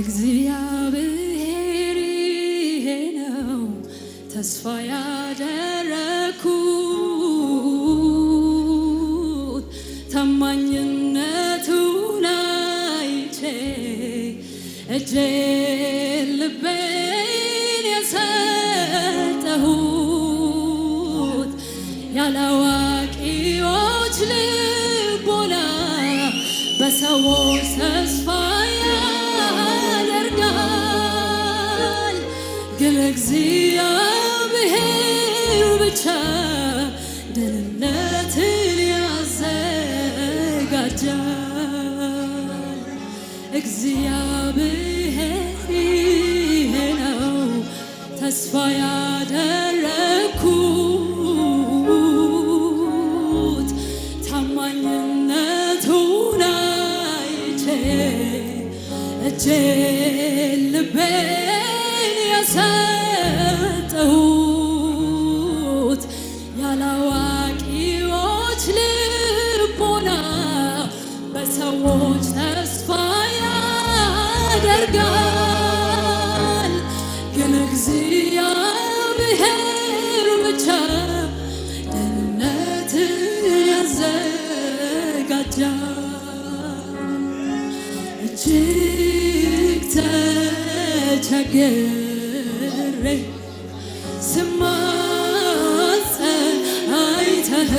እግዚአብሔር ይሄ ነው ተስፋ ያደረኩት ታማኝነቱ አይቼ እጄ ተስፋ ያደረኩት ታማኝነቱን አይቼ እጄ ልቤ ተናገረ ስማጸ አይተህ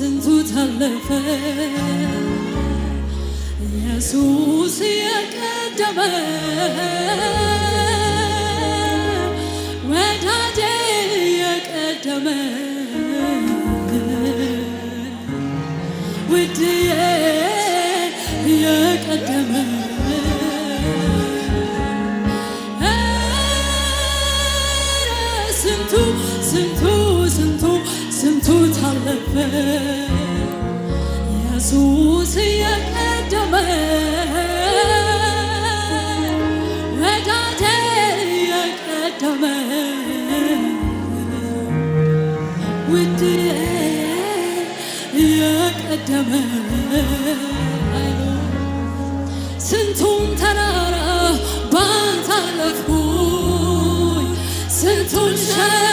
ስንቱ ታለፈ ኢየሱስ የቀደመ ወዳጄ የቀደመ ኢየሱስ እየቀደመ ወዳጄ እየቀደመ ውድ እየቀደመ ስንቱን ተራራ ባንተ ስንቱን ሸ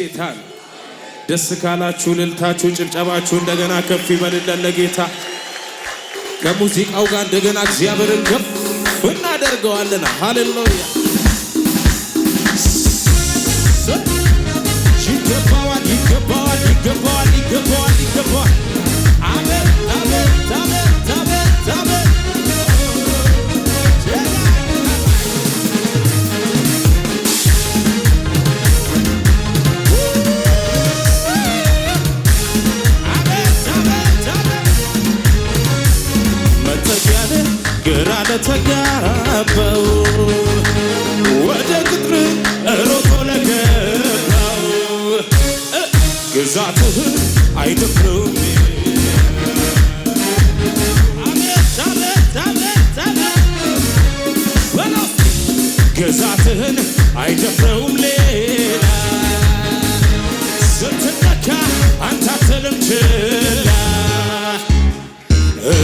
ጌታ ነው። ደስ ካላችሁ ልልታችሁ ጭብጨባችሁ እንደገና ከፍ ይበልለን ለጌታ። ከሙዚቃው ጋር እንደገና እግዚአብሔርን ከፍ እናደርገዋለን። ሃሌሉያ ይገባዋል፣ ይገባዋል፣ ይገባዋል፣ ይገባዋል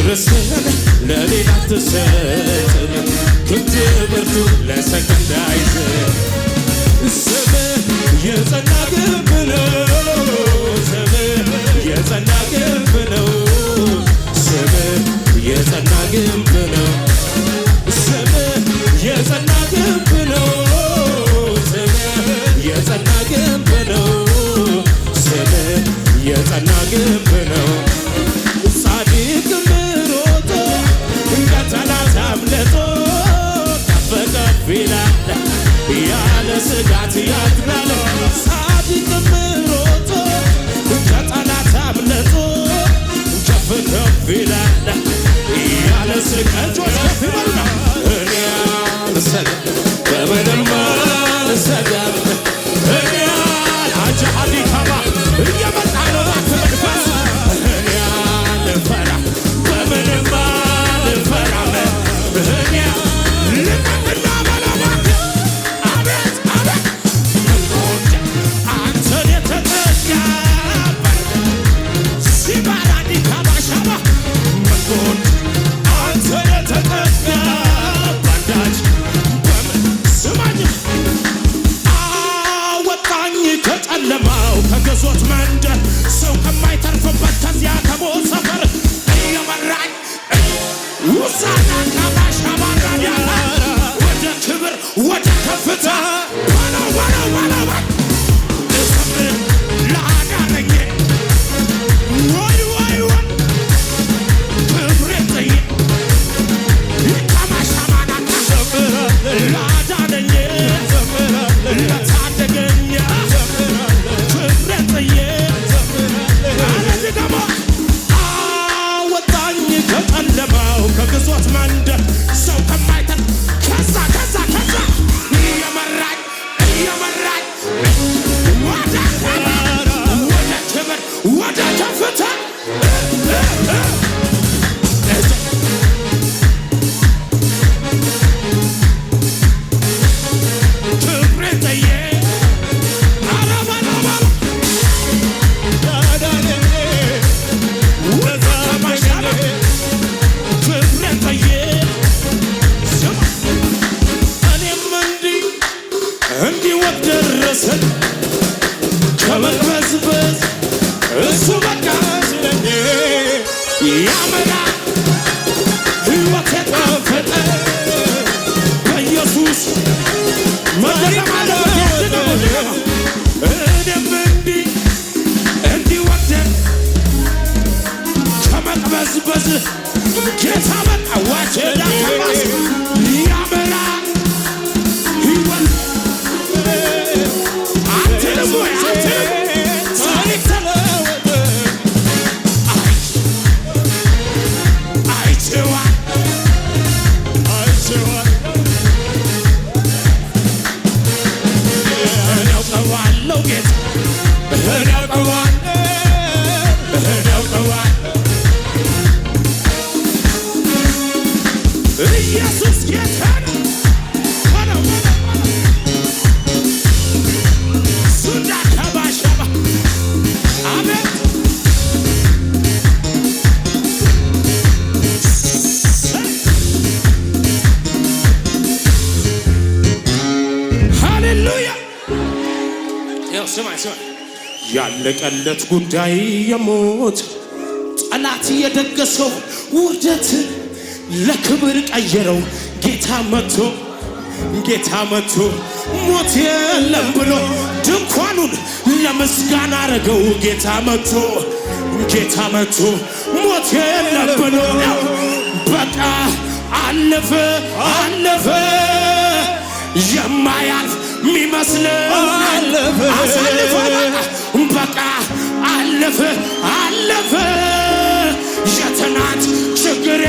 ደረሰን ለሌላ ተሰጥን ክትብርቱ ብርቱ አይዘን ስም የጸና ግንብ ነው። ስም የጸና ግንብ ነው። ስም የጸና ግንብ ነው። ስም የጸና ግንብ ነው። ስም የጸና ግንብ ነው። ስም የጸና ግንብ ነው። ያለ ስጋት ያድናል ጻድቅም ሮጦ ከጠላት አምልጦ ከፍ ከፍ ይላል ያለ ስጋት ጉዳይ የሞት ጠላት የደገሰው ውርደት ለክብር ቀየረው። ጌታ መቶ ጌታ መቶ ሞት የለም ብሎ ድንኳኑን ለምስጋና አረገው። ጌታ መቶ ጌታ መቶ ሞት የለም ብሎ በቃ አለፈ አለፈ የማያልፍ አለፈ አሳልፈ አለፈ አለፈ የትናንት ችግሬ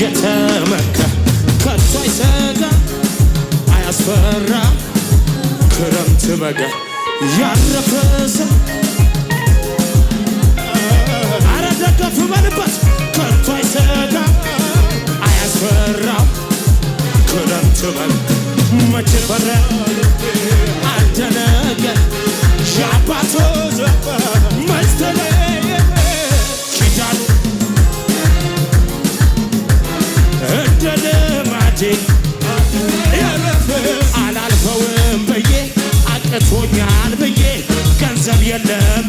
የተመካ ከቶ አይሰጋ አያስፈራ ክረምት በጋ ያረፈ ሰው አረ ደገፍ በልበት ከቶ አይሰጋ አያስፈራ ክረምት በል መቼ በረ አደነገ ሻባቶ ዘባ መስተለ of your love.